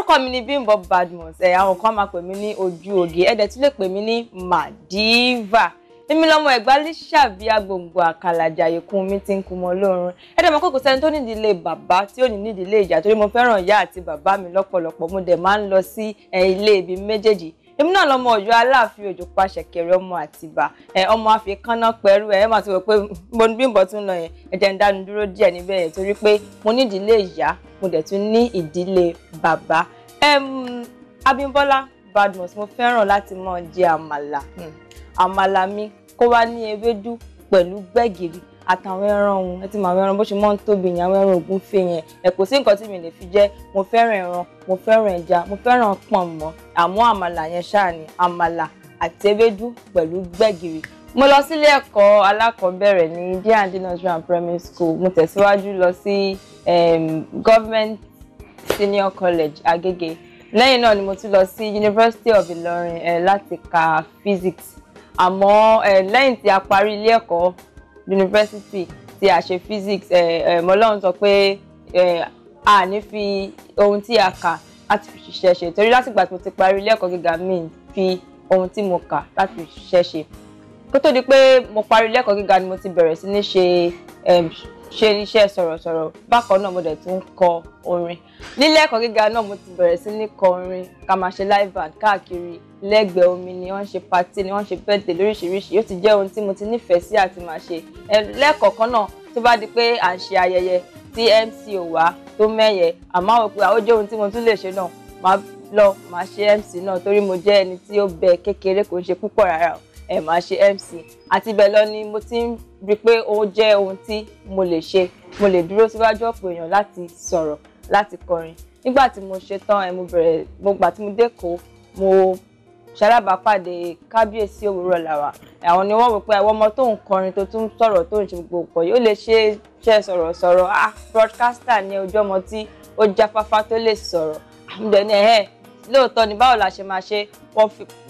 orúkọ mi ni Bímbọ́ Badmus ẹ̀ àwọn kan máa pè mí ní ojú oge ẹ̀dẹ̀ tí lè pè mí ní Madiva èmi lọmọ ẹ̀gbá líṣàbí agbòǹgbò àkàlàjà ìkún mi ti ń kun mọ́ lọ́rùn ẹ̀dẹ̀ mọ́ kókò sẹ́ni tó nídìílé bàbá tí ò ní nídìílé ìjà torí mo fẹ́ràn ìyá àti bàbá mi lọ́pọ̀lọpọ̀ mo dẹ̀ máa ń lọ sí ilé ibi méjèèjì èmi náà lọmọ Ọ̀yọ́ aláàfin òjò pàṣẹ kẹrẹ ọmọ Àtìbà ẹ ọmọ àfikànnà pẹ̀lú ẹ ẹ máa ti wọ pé mo ní Bímbọ́ tún lọ yẹn ẹ ń dánu dúró díẹ̀ níbẹ̀ yẹn torí pé mo nídìílé ìyá mo dẹ̀ tún ní ìdílé bàbá Abímbọ́lá Badmus mo fẹ́ràn láti máa jẹ àmàlà hmm. àmàlà mi kó wá ní ewédú pẹ̀lú gbẹ̀gìrì àtàwọn ẹran ohun ẹ ti mọ àwọn ẹran bó ṣe máa ń tóbi yẹn àwọn ẹran ògúnfe yẹn ẹ sí nǹkan tí mi lè fi jẹ mo fẹ́ràn ẹran mo fẹ́ràn ẹja mo fẹ́ràn pọ̀nmọ́ àmọ́ àmàlà yẹn ṣáà ni àmàlà àti ewédú pẹ̀lú gbẹ̀gìrì mo lọ sílé ẹ̀kọ́ alákọ̀ọ́bẹ̀rẹ̀ ní D&D Nursery and Primary School mo tẹ̀síwájú lọ sí government senior college agege lẹ́yìn náà ni mo tún lọ sí university of Ilorin. ẹ eh, láti ka physics àmọ́ ẹ eh, lẹ́yìn tí a parí ilé ẹ̀kọ́ university tí a ṣe physics ẹ eh, ẹ mọlọ́run sọ pé ẹ a ní fi ohun tí a kà láti fi ṣiṣẹ́ ṣe torí látìgbà tí mo ti parí ilé ẹ̀kọ́ gíga mi fi ohun tí mo kà láti fi ṣiṣẹ́ ṣe kó tó di pé mo parí ilé ẹ̀kọ́ gíga ni mo ti bẹ̀rẹ̀ sí ní ṣe ṣe iṣẹ́ sọ̀rọ̀sọ̀rọ̀ bákan náà mo dẹ̀ tún kọ orin nílé ẹ̀kọ́ gíga náà mo ti bẹ̀rẹ̀ sí ní kọ orin ká máa ṣe live band káàkiri lẹ́gbẹ̀ẹ́ omi ni wọ́n ṣe patí ni wọ́n ṣe birthday lóríṣiríṣi ó ti jẹ́ ohun tí mo ti nífẹ̀ẹ́ sí àti máa ṣe lẹ́ẹ̀kọ̀ọ̀kan náà tó bá di pé à ń ṣe ayẹyẹ tí MC ò wá tó mẹ́yẹ àmọ́ àwọn òpin àwọn jẹ́ ohun tí mo tún lè ṣe náà máa lọ máa ṣe MC náà torí mo jẹ́ ẹni tí ó bẹ kékeré kò ń ṣe púpọ̀ rárá o ẹ̀ máa ṣe MC àti bẹ́ẹ̀ lọ ni mo ti ń rí i pé ó jẹ́ ohun tí mo lè ṣe mo lè dúró síwájú ọ̀pọ̀ èèyàn láti sọ̀rọ̀ láti kọrin nígbà tí mo ṣe tán ẹ̀ mo bẹ̀rẹ̀ mo gbà tí mo dẹ́kọ̀ọ́ mo ṣalábàápàdé kábíyèsí òwúrọ̀ làwà àwọn ni wọ́n wò pé àwọn ọmọ tó ń kọrin tó tún sọ̀rọ̀ tó ń ṣe gbogbo pọ̀ yóò lè ṣe ṣe sọ̀rọ̀ sọ̀rọ̀ ah broadcaster ni ojú ọmọ tí ó jáfáfá tó lè sọ̀rọ̀ àmúdẹ́ni ẹ̀hẹ́ lóòótọ́ ni báwo la ṣe máa ṣe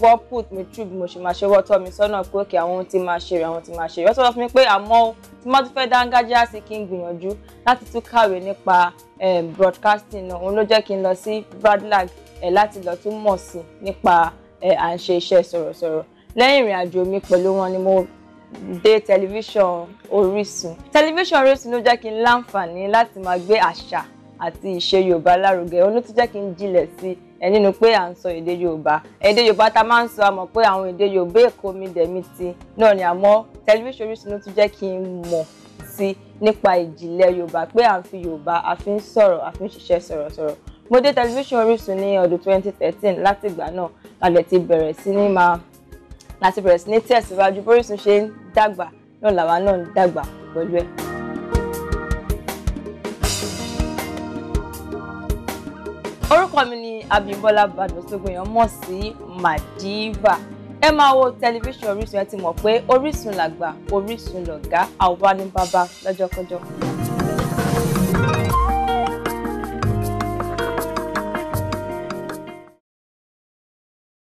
wọ́n put me through bí mo ṣe máa ṣe wọ́n tọ́ mi sọ́nà pé òkè àwọn ohun tí máa ṣe rẹ̀ àwọn tí máa ṣe rẹ̀ wọ́n sọ fún mi pé àmọ́ tí wọ́n tún fẹ́ dángájá sí kí n gbìyànjú láti tún kàwé nípa eh, broadcasting náà òun ló jẹ́ kí n lọ sí Bradlag eh, láti lọ tún mọ̀ sí nípa eh, à ń ṣe iṣẹ́ sọ̀rọ̀sọ̀rọ̀ lẹ́yìn ìrìn àjò mi pẹ̀lú wọn ni mo dé tẹlifíṣàn Orísun tẹlifíṣàn Orísun ló jẹ́ kí n láǹfààní láti máa gbé àṣà àti ìṣe Yorùbá lárugẹ òun ló tún jẹ́ kí n jinlẹ̀ sí i nínú pé à ń sọ èdè yorùbá èdè yorùbá tá a máa ń sọ àmọ́ pé àwọn èdè yorùbá èkó mi dẹ̀mí ti náà ni àmọ́ tẹlifíṣàn Orísun ló tún jẹ́ kí n mọ̀ sí nípa ìjìnlẹ̀ yorùbá pé à ń fi yorùbá a fi ń sọ̀rọ̀ a fi ń ṣiṣẹ́ sọ̀rọ̀sọ̀rọ̀ mo dé tẹlifíṣàn Orísun ní ọdún 2013 láti ìgbà náà lálẹ́ ti bẹ̀rẹ̀ sí ní máa láti bẹ̀rẹ̀ sí ní tẹ̀síwájú bórísun ṣe ń dàgbà náà làwa náà ń dàgbà pẹ̀lú ẹ̀. orúkọ mi ni Abímbọ́lá Badmus-Ogunyan mọ̀ sí Madiva ẹ máa wo Television, Orísun ẹ ti mọ̀ pé Orísun làgbà Orísun lọ̀gá àwa ni bàbá lọ́jọ́kọ́jọ́.